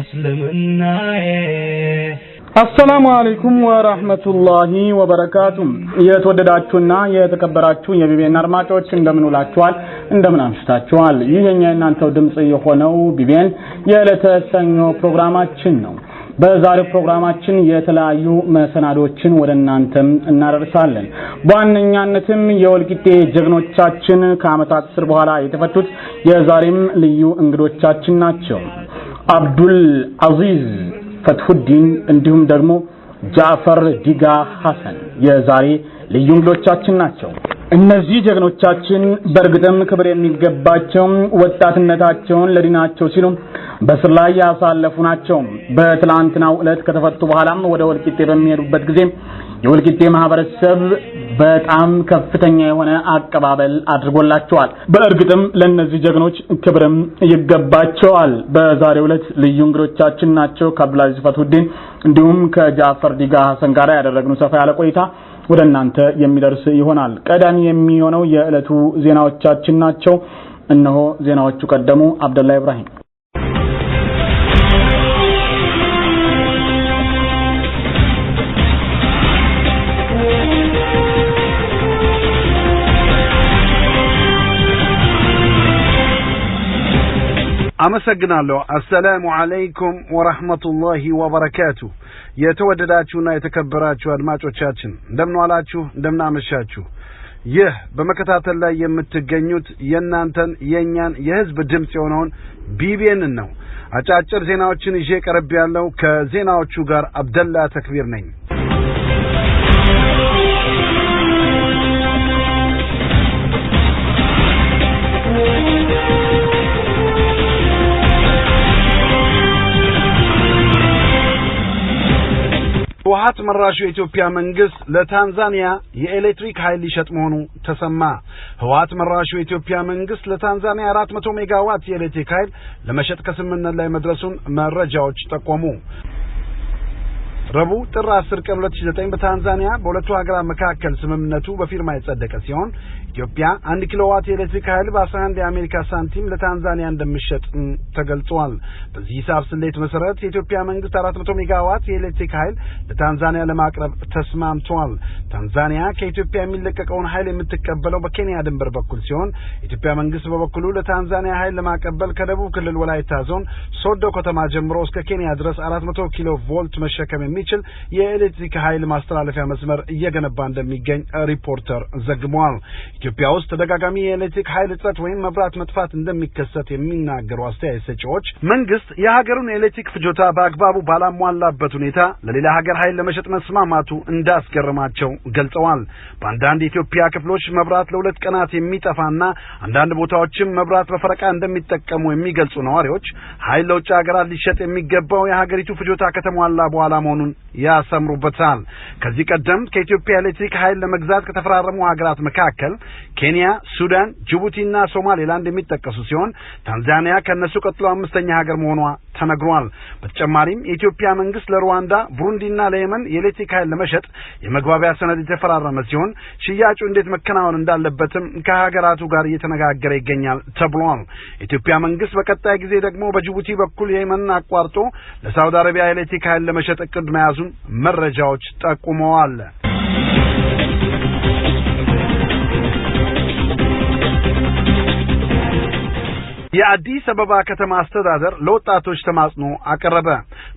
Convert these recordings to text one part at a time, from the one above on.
እስልምናዬ አሰላሙ አለይኩም ወራህመቱላሂ ወበረካቱም። የተወደዳችሁና የተከበራችሁ የቢቢኤን አድማጮች እንደምን ውላችኋል? እንደምን አምሽታችኋል? ይህ የኛ የእናንተው ድምጽ የሆነው ቢቢኤን የዕለተ ሰኞ ፕሮግራማችን ነው። በዛሬው ፕሮግራማችን የተለያዩ መሰናዶችን ወደ እናንተም እናደርሳለን። በዋነኛነትም የወልቂጤ ጀግኖቻችን ከአመታት ስር በኋላ የተፈቱት የዛሬም ልዩ እንግዶቻችን ናቸው። አብዱል አዚዝ ፈትሁዲን እንዲሁም ደግሞ ጃፈር ዲጋ ሐሰን የዛሬ ልዩ እንግዶቻችን ናቸው። እነዚህ ጀግኖቻችን በእርግጥም ክብር የሚገባቸው ወጣትነታቸውን ለዲናቸው ሲሉ በስር ላይ ያሳለፉ ናቸው። በትላንትናው ዕለት ከተፈቱ በኋላም ወደ ወልቂጤ በሚሄዱበት ጊዜ የወልቂጤ ማህበረሰብ በጣም ከፍተኛ የሆነ አቀባበል አድርጎላቸዋል። በእርግጥም ለእነዚህ ጀግኖች ክብርም ይገባቸዋል። በዛሬው ዕለት ልዩ እንግዶቻችን ናቸው ከአብዱላዚዝ ፈትሁዲን እንዲሁም ከጃፈር ዲጋ ሀሰን ጋር ያደረግነው ሰፋ ያለ ቆይታ ወደ እናንተ የሚደርስ ይሆናል። ቀዳሚ የሚሆነው የዕለቱ ዜናዎቻችን ናቸው። እነሆ ዜናዎቹ ቀደሙ። አብደላ ኢብራሂም አመሰግናለሁ። አሰላሙ አለይኩም ወረህመቱላሂ ወበረካቱ። የተወደዳችሁና የተከበራችሁ አድማጮቻችን እንደምን ዋላችሁ፣ እንደምን አመሻችሁ። ይህ በመከታተል ላይ የምትገኙት የእናንተን የእኛን የህዝብ ድምፅ የሆነውን ቢቢኤንን ነው። አጫጭር ዜናዎችን ይዤ ቀረብ ያለው ከዜናዎቹ ጋር አብደላ ተክቢር ነኝ። ህወሀት መራሹ የኢትዮጵያ መንግስት ለታንዛኒያ የኤሌክትሪክ ኃይል ሊሸጥ መሆኑ ተሰማ። ህወሀት መራሹ የኢትዮጵያ መንግስት ለታንዛኒያ አራት መቶ ሜጋዋት የኤሌክትሪክ ኃይል ለመሸጥ ከስምምነት ላይ መድረሱን መረጃዎች ጠቆሙ። ረቡዕ ጥር 10 ቀን 2009 በታንዛኒያ በሁለቱ ሀገራት መካከል ስምምነቱ በፊርማ የጸደቀ ሲሆን ኢትዮጵያ አንድ ኪሎዋት የኤሌክትሪክ ኃይል በ11 የአሜሪካ ሳንቲም ለታንዛኒያ እንደምሸጥ ተገልጿል። በዚህ ሂሳብ ስሌት መሰረት የኢትዮጵያ መንግስት 400 ሜጋዋት የኤሌክትሪክ ኃይል ለታንዛኒያ ለማቅረብ ተስማምቷል። ታንዛኒያ ከኢትዮጵያ የሚለቀቀውን ኃይል የምትቀበለው በኬንያ ድንበር በኩል ሲሆን የኢትዮጵያ መንግስት በበኩሉ ለታንዛኒያ ኃይል ለማቀበል ከደቡብ ክልል ወላይታ ዞን ሶዶ ከተማ ጀምሮ እስከ ኬንያ ድረስ 400 ኪሎ ቮልት መሸከም የሚ የሚችል የኤሌክትሪክ ኃይል ማስተላለፊያ መስመር እየገነባ እንደሚገኝ ሪፖርተር ዘግቧል። ኢትዮጵያ ውስጥ ተደጋጋሚ የኤሌክትሪክ ኃይል እጥረት ወይም መብራት መጥፋት እንደሚከሰት የሚናገሩ አስተያየት ሰጪዎች መንግስት የሀገሩን የኤሌክትሪክ ፍጆታ በአግባቡ ባላሟላበት ሁኔታ ለሌላ ሀገር ኃይል ለመሸጥ መስማማቱ እንዳስገርማቸው ገልጸዋል። በአንዳንድ የኢትዮጵያ ክፍሎች መብራት ለሁለት ቀናት የሚጠፋና አንዳንድ ቦታዎችም መብራት በፈረቃ እንደሚጠቀሙ የሚገልጹ ነዋሪዎች ኃይል ለውጭ ሀገራት ሊሸጥ የሚገባው የሀገሪቱ ፍጆታ ከተሟላ በኋላ መሆኑን ያሰምሩበታል። ከዚህ ቀደም ከኢትዮጵያ ኤሌክትሪክ ኃይል ለመግዛት ከተፈራረሙ ሀገራት መካከል ኬንያ፣ ሱዳን፣ ጅቡቲና ሶማሌላንድ የሚጠቀሱ ሲሆን ታንዛኒያ ከእነሱ ቀጥሎ አምስተኛ ሀገር መሆኗ ተነግሯል። በተጨማሪም የኢትዮጵያ መንግስት ለሩዋንዳ፣ ቡሩንዲና ለየመን የኤሌክትሪክ ኃይል ለመሸጥ የመግባቢያ ሰነድ የተፈራረመ ሲሆን ሽያጩ እንዴት መከናወን እንዳለበትም ከሀገራቱ ጋር እየተነጋገረ ይገኛል ተብሏል። የኢትዮጵያ መንግስት በቀጣይ ጊዜ ደግሞ በጅቡቲ በኩል የመንን አቋርጦ ለሳውዲ አረቢያ ኤሌክትሪክ ኃይል ለመሸጥ እቅድ መያዙን መረጃዎች ጠቁመዋል። የአዲስ አበባ ከተማ አስተዳደር ለወጣቶች ተማጽኖ አቀረበ።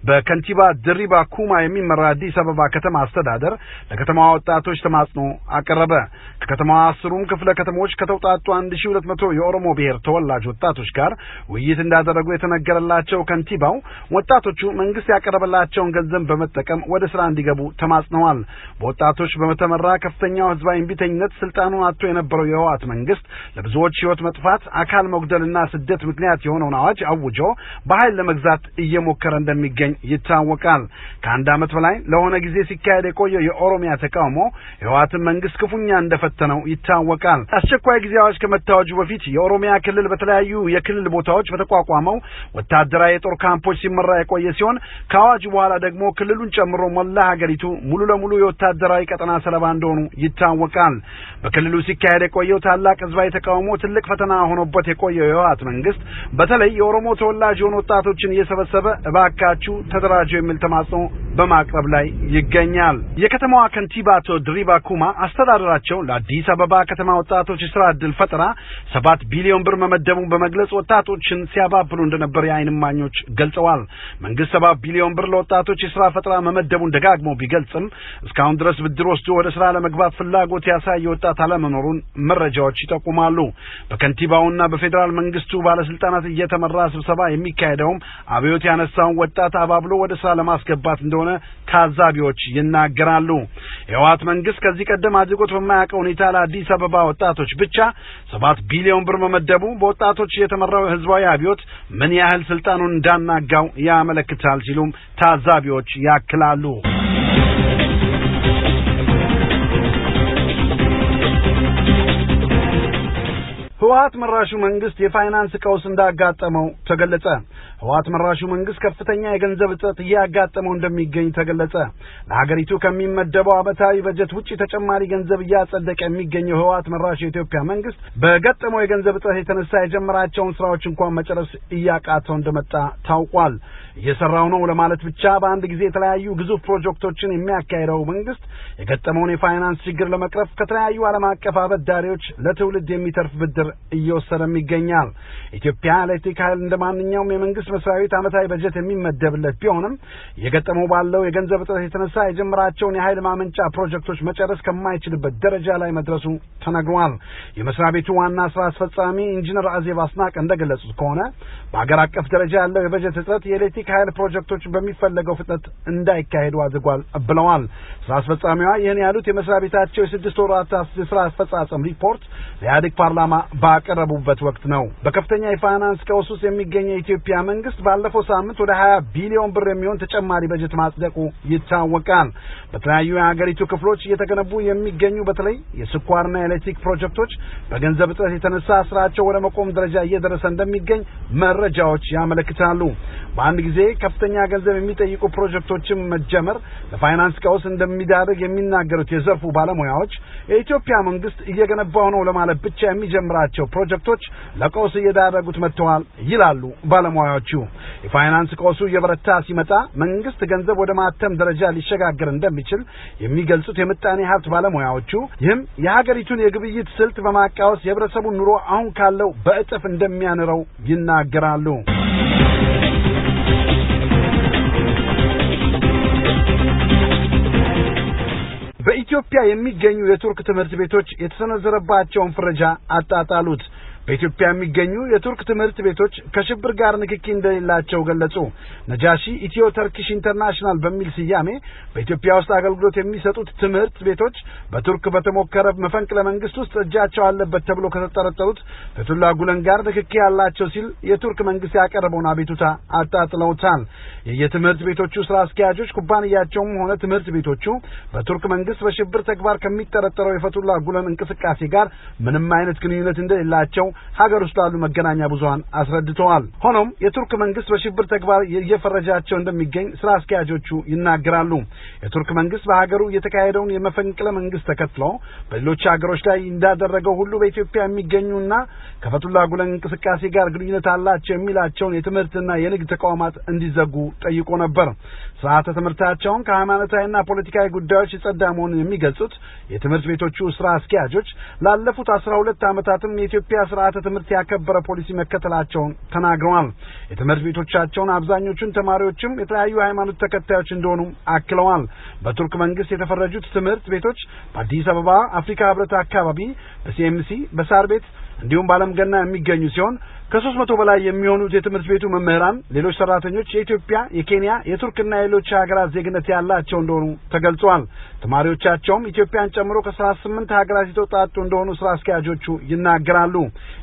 በከንቲባ ድሪባ ኩማ የሚመራ አዲስ አበባ ከተማ አስተዳደር ለከተማዋ ወጣቶች ተማጽኖ አቀረበ። ከከተማዋ አስሩም ክፍለ ከተሞች ከተውጣጡ አንድ ሺ ሁለት መቶ የኦሮሞ ብሔር ተወላጅ ወጣቶች ጋር ውይይት እንዳደረጉ የተነገረላቸው ከንቲባው ወጣቶቹ መንግስት ያቀረበላቸውን ገንዘብ በመጠቀም ወደ ስራ እንዲገቡ ተማጽነዋል። በወጣቶች በተመራ ከፍተኛው ህዝባዊ እምቢተኝነት ስልጣኑን አጥቶ የነበረው የህዋት መንግስት ለብዙዎች ህይወት መጥፋት፣ አካል መጉደልና ስደት ምክንያት የሆነውን አዋጅ አውጆ በኃይል ለመግዛት እየሞከረ እንደሚገኝ ይታወቃል። ከአንድ ዓመት በላይ ለሆነ ጊዜ ሲካሄድ የቆየው የኦሮሚያ ተቃውሞ የህወሓትን መንግስት ክፉኛ እንደፈተነው ይታወቃል። አስቸኳይ ጊዜ አዋጅ ከመታወጁ በፊት የኦሮሚያ ክልል በተለያዩ የክልል ቦታዎች በተቋቋመው ወታደራዊ የጦር ካምፖች ሲመራ የቆየ ሲሆን ከአዋጁ በኋላ ደግሞ ክልሉን ጨምሮ መላ ሀገሪቱ ሙሉ ለሙሉ የወታደራዊ ቀጠና ሰለባ እንደሆኑ ይታወቃል። በክልሉ ሲካሄድ የቆየው ታላቅ ህዝባዊ ተቃውሞ ትልቅ ፈተና ሆኖበት የቆየው የህወሓት መንግስት በተለይ የኦሮሞ ተወላጅ የሆኑ ወጣቶችን እየሰበሰበ እባካችሁ ተደራጀ የሚል ተማጽኖ በማቅረብ ላይ ይገኛል። የከተማዋ ከንቲባ አቶ ድሪባ ኩማ አስተዳደራቸው ለአዲስ አበባ ከተማ ወጣቶች የስራ እድል ፈጠራ ሰባት ቢሊዮን ብር መመደቡን በመግለጽ ወጣቶችን ሲያባብሉ እንደነበር የዓይን እማኞች ገልጸዋል። መንግስት ሰባት ቢሊዮን ብር ለወጣቶች የስራ ፈጠራ መመደቡን ደጋግሞ ቢገልጽም እስካሁን ድረስ ብድር ወስዶ ወደ ስራ ለመግባት ፍላጎት ያሳየ ወጣት አለመኖሩን መረጃዎች ይጠቁማሉ። በከንቲባውና በፌዴራል መንግስቱ ባለስልጣናት እየተመራ ስብሰባ የሚካሄደውም አብዮት ያነሳውን ወጣት አባብሎ ወደ ስራ ለማስገባት እንደሆነ እንደሆነ ታዛቢዎች ይናገራሉ። የህወሓት መንግስት ከዚህ ቀደም አድርጎት በማያውቀው ሁኔታ ለአዲስ አበባ ወጣቶች ብቻ ሰባት ቢሊዮን ብር መመደቡ በወጣቶች የተመራው ህዝባዊ አብዮት ምን ያህል ስልጣኑን እንዳናጋው ያመለክታል ሲሉም ታዛቢዎች ያክላሉ። ህወሓት መራሹ መንግስት የፋይናንስ ቀውስ እንዳጋጠመው ተገለጸ። ህወሓት መራሹ መንግስት ከፍተኛ የገንዘብ እጥረት እያጋጠመው እንደሚገኝ ተገለጸ። ለሀገሪቱ ከሚመደበው አመታዊ በጀት ውጭ ተጨማሪ ገንዘብ እያጸደቀ የሚገኘው ህወሓት መራሹ የኢትዮጵያ መንግስት በገጠመው የገንዘብ እጥረት የተነሳ የጀመራቸውን ስራዎች እንኳን መጨረስ እያቃተው እንደመጣ ታውቋል። እየሰራው ነው ለማለት ብቻ በአንድ ጊዜ የተለያዩ ግዙፍ ፕሮጀክቶችን የሚያካሄደው መንግስት የገጠመውን የፋይናንስ ችግር ለመቅረፍ ከተለያዩ ዓለም አቀፍ አበዳሪዎች ለትውልድ የሚተርፍ ብድር እየወሰደም ይገኛል። ኢትዮጵያ ኤሌክትሪክ ኃይል እንደ ማንኛውም የመንግስት መስሪያ ቤት ዓመታዊ በጀት የሚመደብለት ቢሆንም የገጠመው ባለው የገንዘብ እጥረት የተነሳ የጀመራቸውን የኃይል ማመንጫ ፕሮጀክቶች መጨረስ ከማይችልበት ደረጃ ላይ መድረሱ ተነግሯል። የመስሪያ ቤቱ ዋና ስራ አስፈጻሚ ኢንጂነር አዜብ አስናቅ እንደገለጹት ከሆነ በሀገር አቀፍ ደረጃ ያለው የበጀት እጥረት የኤሌክትሪክ ኃይል ፕሮጀክቶች በሚፈለገው ፍጥነት እንዳይካሄዱ አድርጓል ብለዋል። ስራ አስፈጻሚዋ ይህን ያሉት የመስሪያ ቤታቸው የስድስት ወራት የስራ አፈጻጸም ሪፖርት ለኢህአዴግ ፓርላማ ባቀረቡበት ወቅት ነው። በከፍተኛ የፋይናንስ ቀውስ ውስጥ የሚገኘ የኢትዮጵያ መንግስት ባለፈው ሳምንት ወደ 20 ቢሊዮን ብር የሚሆን ተጨማሪ በጀት ማጽደቁ ይታወቃል። በተለያዩ የሀገሪቱ ክፍሎች እየተገነቡ የሚገኙ በተለይ የስኳርና የኤሌክትሪክ ፕሮጀክቶች በገንዘብ እጥረት የተነሳ ስራቸው ወደ መቆም ደረጃ እየደረሰ እንደሚገኝ መረጃዎች ያመለክታሉ። በአንድ ጊዜ ከፍተኛ ገንዘብ የሚጠይቁ ፕሮጀክቶችን መጀመር ለፋይናንስ ቀውስ እንደሚዳርግ የሚናገሩት የዘርፉ ባለሙያዎች የኢትዮጵያ መንግስት እየገነባው ነው ለማለት ብቻ የሚጀምራቸው ፕሮጀክቶች ለቀውስ እየዳረጉት መጥተዋል ይላሉ ባለሙያዎች። አለችው። የፋይናንስ ቀውሱ እየበረታ ሲመጣ መንግስት ገንዘብ ወደ ማተም ደረጃ ሊሸጋገር እንደሚችል የሚገልጹት የምጣኔ ሀብት ባለሙያዎቹ፣ ይህም የሀገሪቱን የግብይት ስልት በማቃወስ የህብረተሰቡን ኑሮ አሁን ካለው በእጥፍ እንደሚያንረው ይናገራሉ። በኢትዮጵያ የሚገኙ የቱርክ ትምህርት ቤቶች የተሰነዘረባቸውን ፍረጃ አጣጣሉት። በኢትዮጵያ የሚገኙ የቱርክ ትምህርት ቤቶች ከሽብር ጋር ንክኪ እንደሌላቸው ገለጹ። ነጃሺ ኢትዮ ተርኪሽ ኢንተርናሽናል በሚል ስያሜ በኢትዮጵያ ውስጥ አገልግሎት የሚሰጡት ትምህርት ቤቶች በቱርክ በተሞከረ መፈንቅለ መንግስት ውስጥ እጃቸው አለበት ተብሎ ከተጠረጠሩት ፈቱላ ጉለን ጋር ንክኪ ያላቸው ሲል የቱርክ መንግስት ያቀረበውን አቤቱታ አጣጥለውታል። የየትምህርት ቤቶቹ ስራ አስኪያጆች ኩባንያቸውም ሆነ ትምህርት ቤቶቹ በቱርክ መንግስት በሽብር ተግባር ከሚጠረጠረው የፈቱላ ጉለን እንቅስቃሴ ጋር ምንም አይነት ግንኙነት እንደሌላቸው ሀገር ውስጥ ላሉ መገናኛ ብዙሀን አስረድተዋል። ሆኖም የቱርክ መንግስት በሽብር ተግባር እየፈረጃቸው እንደሚገኝ ስራ አስኪያጆቹ ይናገራሉ። የቱርክ መንግስት በሀገሩ የተካሄደውን የመፈንቅለ መንግስት ተከትሎ በሌሎች ሀገሮች ላይ እንዳደረገው ሁሉ በኢትዮጵያ የሚገኙና ከፈቱላ ጉለን እንቅስቃሴ ጋር ግንኙነት አላቸው የሚላቸውን የትምህርትና የንግድ ተቋማት እንዲዘጉ ጠይቆ ነበር። ስርዓተ ትምህርታቸውን ከሃይማኖታዊና ፖለቲካዊ ጉዳዮች የጸዳ መሆኑን የሚገልጹት የትምህርት ቤቶቹ ስራ አስኪያጆች ላለፉት አስራ ሁለት ዓመታትም የኢትዮጵያ ስራ ስርዓተ ትምህርት ያከበረ ፖሊሲ መከተላቸውን ተናግረዋል። የትምህርት ቤቶቻቸውን አብዛኞቹን ተማሪዎችም የተለያዩ ሃይማኖት ተከታዮች እንደሆኑ አክለዋል። በቱርክ መንግስት የተፈረጁት ትምህርት ቤቶች በአዲስ አበባ አፍሪካ ህብረት አካባቢ፣ በሲኤምሲ፣ በሳር ቤት እንዲሁም በአለም ገና የሚገኙ ሲሆን ከሶስት መቶ በላይ የሚሆኑት የትምህርት ቤቱ መምህራን፣ ሌሎች ሰራተኞች የኢትዮጵያ፣ የኬንያ፣ የቱርክና የሌሎች ሀገራት ዜግነት ያላቸው እንደሆኑ ተገልጿል። ተማሪዎቻቸውም ኢትዮጵያን ጨምሮ ከሰባ ስምንት ሀገራት የተውጣጡ እንደሆኑ ስራ አስኪያጆቹ ይናገራሉ።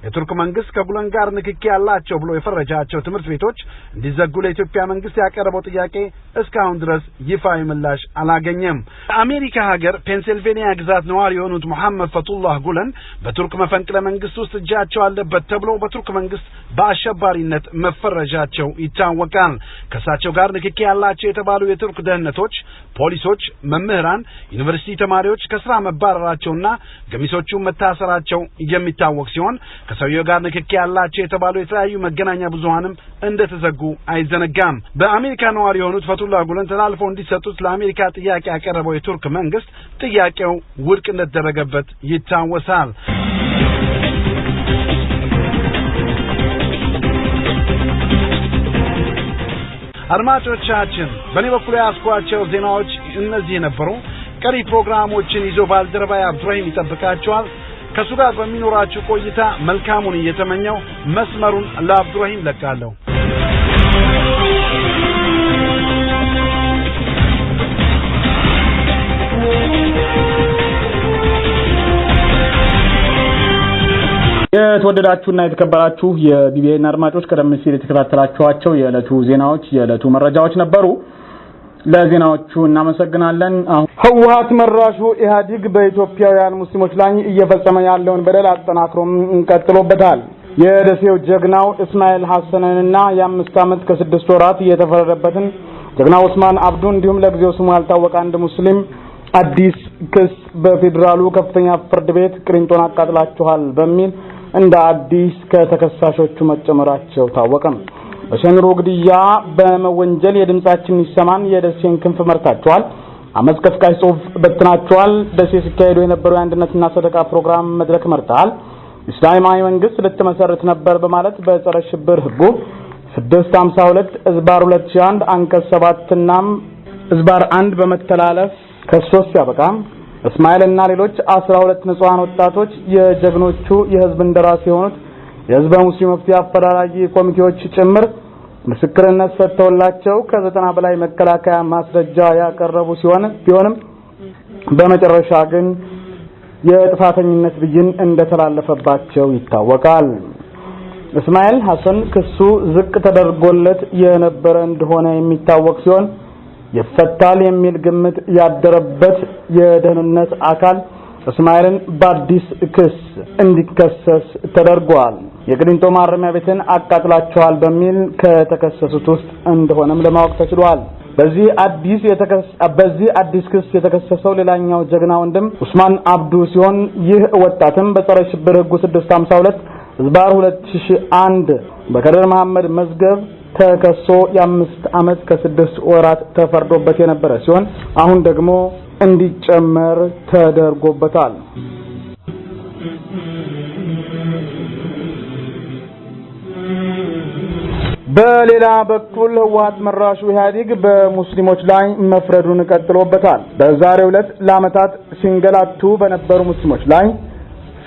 የቱርክ መንግስት ከጉለን ጋር ንክኪ ያላቸው ብሎ የፈረጃቸው ትምህርት ቤቶች እንዲዘጉ ለኢትዮጵያ መንግስት ያቀረበው ጥያቄ እስካሁን ድረስ ይፋዊ ምላሽ አላገኘም። አሜሪካ ሀገር ፔንሲልቬኒያ ግዛት ነዋሪ የሆኑት መሐመድ ፈቱላህ ጉለን በቱርክ መፈንቅለ መንግስት ውስጥ እጃቸው አለበት ተብሎ በቱርክ መንግስት መንግስት በአሸባሪነት መፈረጃቸው ይታወቃል። ከእሳቸው ጋር ንክኪ ያላቸው የተባሉ የቱርክ ደህንነቶች፣ ፖሊሶች፣ መምህራን፣ ዩኒቨርሲቲ ተማሪዎች ከስራ መባረራቸውና ገሚሶቹ መታሰራቸው የሚታወቅ ሲሆን ከሰውየው ጋር ንክኪ ያላቸው የተባሉ የተለያዩ መገናኛ ብዙሀንም እንደተዘጉ አይዘነጋም። በአሜሪካ ነዋሪ የሆኑት ፈቱላ ጉለን ተላልፎ እንዲሰጡት ለአሜሪካ ጥያቄ ያቀረበው የቱርክ መንግስት ጥያቄው ውድቅ እንደተደረገበት ይታወሳል። አድማጮቻችን፣ በእኔ በኩል ያስኳቸው ዜናዎች እነዚህ የነበሩ። ቀሪ ፕሮግራሞችን ይዞ ባልደረባ አብዱራሂም ይጠብቃቸዋል። ከእሱ ጋር በሚኖራችሁ ቆይታ መልካሙን እየተመኘው መስመሩን ለአብዱራሂም ለቃለሁ። የተወደዳችሁና የተከበራችሁ የቢቢኤን አድማጮች ቀደም ሲል የተከታተላችኋቸው የዕለቱ ዜናዎች የዕለቱ መረጃዎች ነበሩ። ለዜናዎቹ እናመሰግናለን። ህወሀት መራሹ ኢህአዲግ በኢትዮጵያውያን ሙስሊሞች ላይ እየፈጸመ ያለውን በደል አጠናክሮም ቀጥሎበታል። የደሴው ጀግናው እስማኤል ሐሰንንና የአምስት ዓመት ከስድስት ወራት እየተፈረደበትን ጀግና ኡስማን አብዱ እንዲሁም ለጊዜው ስሙ ያልታወቀ አንድ ሙስሊም አዲስ ክስ በፌዴራሉ ከፍተኛ ፍርድ ቤት ቅሪንቶን አቃጥላችኋል በሚል እንደ አዲስ ከተከሳሾቹ መጨመራቸው ታወቀ። በሸኑሮ ግድያ በመወንጀል የድምጻችን ይሰማን የደሴን ክንፍ መርታቸዋል። አመጽ ቀስቃሽ ጽሁፍ በትናቸዋል። ደሴ ሲካሄዱ የነበረው የአንድነትና ሰደቃ ፕሮግራም መድረክ መርተሃል፣ እስላማዊ መንግስት ልትመሰርት ነበር በማለት በጸረ ሽብር ህጉ 652 እዝባር 2001 አንቀጽ 7 እናም እዝባር 1 በመተላለፍ ከሶስት ያበቃም። እስማኤልና ሌሎች አስራ ሁለት ንጹሃን ወጣቶች የጀግኖቹ የህዝብ እንደራሴ የሆኑት የህዝበ ሙስሊም መፍትሄ አፈላላጊ ኮሚቴዎች ጭምር ምስክርነት ሰጥተውላቸው ከዘጠና በላይ መከላከያ ማስረጃ ያቀረቡ ሲሆን ቢሆንም በመጨረሻ ግን የጥፋተኝነት ብይን እንደተላለፈባቸው ይታወቃል። እስማኤል ሐሰን ክሱ ዝቅ ተደርጎለት የነበረ እንደሆነ የሚታወቅ ሲሆን ይፈታል የሚል ግምት ያደረበት የደህንነት አካል እስማኤልን በአዲስ ክስ እንዲከሰስ ተደርጓል። የቅሊንጦ ማረሚያ ቤትን አቃጥላቸዋል በሚል ከተከሰሱት ውስጥ እንደሆነም ለማወቅ ተችሏል። በዚህ አዲስ በዚህ አዲስ ክስ የተከሰሰው ሌላኛው ጀግና ወንድም ኡስማን አብዱ ሲሆን ይህ ወጣትም በጸረ ሽብር ህጉ 652 ዝባር 2001 በከደር መሐመድ መዝገብ ተከሶ የአምስት ዓመት ከስድስት ወራት ተፈርዶበት የነበረ ሲሆን አሁን ደግሞ እንዲጨመር ተደርጎበታል። በሌላ በኩል ህወሓት መራሹ ኢህአዴግ በሙስሊሞች ላይ መፍረዱን ቀጥሎበታል። በዛሬው ዕለት ለዓመታት ሲንገላቱ በነበሩ ሙስሊሞች ላይ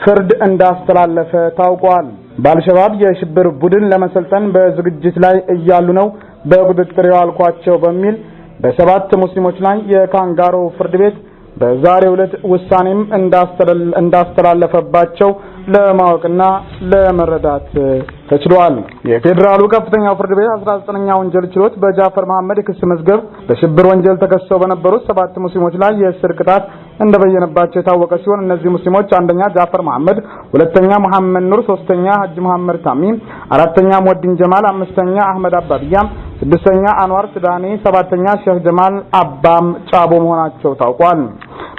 ፍርድ እንዳስተላለፈ ታውቋል። በአልሸባብ የሽብር ቡድን ለመሰልጠን በዝግጅት ላይ እያሉ ነው በቁጥጥር የዋልኳቸው በሚል በሰባት ሙስሊሞች ላይ የካንጋሮ ፍርድ ቤት በዛሬ ዕለት ውሳኔም እንዳስተላለፈባቸው ለማወቅና ለመረዳት ተችሏል። የፌዴራሉ ከፍተኛው ፍርድ ቤት 19ኛ ወንጀል ችሎት በጃፈር መሐመድ የክስ መዝገብ በሽብር ወንጀል ተከሰው በነበሩት ሰባት ሙስሊሞች ላይ የእስር ቅጣት እንደበየነባቸው የታወቀ ሲሆን እነዚህ ሙስሊሞች አንደኛ ጃፈር መሐመድ፣ ሁለተኛ መሐመድ ኑር፣ ሶስተኛ ሀጅ መሐመድ ታሚ፣ አራተኛ ሞዲን ጀማል፣ አምስተኛ አህመድ አባብያ፣ ስድስተኛ አንዋር ስዳኔ፣ ሰባተኛ ሼህ ጀማል አባም ጫቦ መሆናቸው ታውቋል።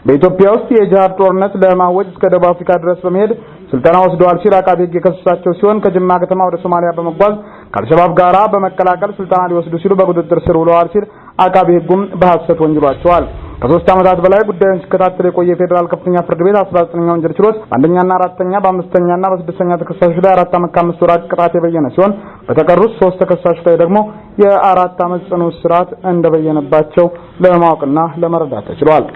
በኢትዮጵያ ውስጥ የጂሃድ ጦርነት ለማወጅ እስከ ደቡብ አፍሪካ ድረስ በመሄድ ስልጠና ወስደዋል ሲል አቃቤ ሕግ የከሰሳቸው ሲሆን ከጅማ ከተማ ወደ ሶማሊያ በመጓዝ ከአልሸባብ ጋራ በመቀላቀል ስልጠና ሊወስዱ ሲሉ በቁጥጥር ስር ውለዋል ሲል አቃቤ ሕጉም በሐሰት ወንጅሏቸዋል። ከሶስት ዓመታት በላይ ጉዳዩን ሲከታተል የቆየ የፌዴራል ከፍተኛ ፍርድ ቤት አስራ ዘጠነኛ ወንጀል ችሎት በአንደኛና አራተኛ በአምስተኛና በስድስተኛ ተከሳሾች ላይ አራት ዓመት ከአምስት ወራት ቅጣት የበየነ ሲሆን በተቀሩት ሶስት ተከሳሾች ላይ ደግሞ የአራት ዓመት ጽኑ እስራት እንደበየነባቸው ለማወቅና ለመረዳት ተችሏል።